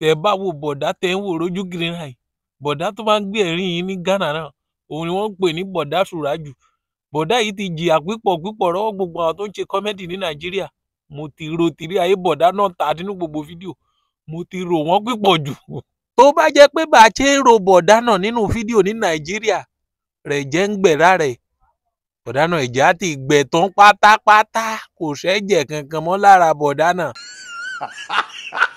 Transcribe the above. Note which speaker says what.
Speaker 1: tẹ́ bá wo bọ̀dá tẹ́ ń wò rojú green eye bọ̀dá tó máa ń gbé ẹ̀rín yìí ní Ghana náà òun ni wọ́n ń pè ní bọ̀dá Sùrájù bọ̀dá yìí ti jìyà pípọ̀ pípọ̀ rọ́wọ́ gbogbo àwọn tó ń ṣe kọ́mẹ́dì ní Nàìjíríà mo ti ro tìrí ayé bọ̀dá náà ta nínú gbogbo fídíò mo ti rò wọ́n pípọ̀ jù. tó bá jẹ́ pé bá a ṣe ń ro bọ̀dá náà nínú fídíò ní Nàìjíríà rẹ̀ jẹ́ ń gbẹ̀rá rẹ̀ bọ̀dá náà ìjà ti gbẹ̀ tán pátápátá kò ṣẹ́jẹ̀ kankan mọ́ lára bọ̀dá náà.